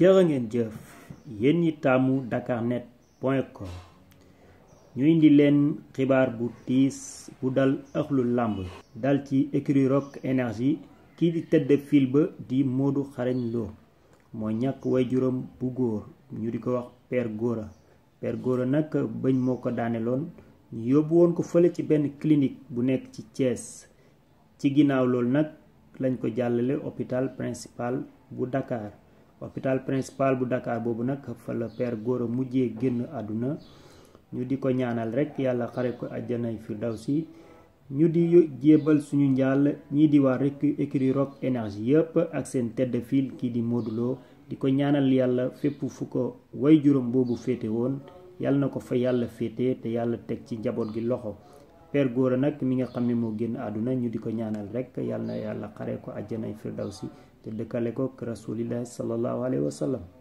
jërë ngeen jëf yéen ñi tàmmu dakarnet point ñu indi leen xibaar bu tiis bu dal ëxlu làmb dal ci écurie Rock Énergie kii di tëdd fil ba di Modou Xarañ Lo moo ñàkk waajuram bu góor ñu di ko wax Père góora Père Gora nag bëñ moo ko daaneloon ñu yóbbu woon ko fële ci benn clinique bu nekk ci Thiès ci ginnaaw loolu nag lañ ko jàllale hôpital principal bu Dakar opital principal bu Dakar boobu nag fa la père Gora mujjee génn àdduna ñu di ko ñaanal rekk yàlla xare ko àjjanay si ñu di jébal suñu njaal ñii di waa rek écurie Rock Énergie yëpp ak seen tedd fil kii di Modou di ko ñaanal yàlla fépp fu ko way juróom boobu féete woon yàlla na ko fa yàlla féete te yàlla teg ci njaboot gi loxo góor a nag mi nga xam ne moo génn àdduna ñu di ko ñaanal rek yàlla na yàlla xare ko àjjanay firdawsi te dëkkale ko ak rasulillahi sallallahu alayhi wa sallam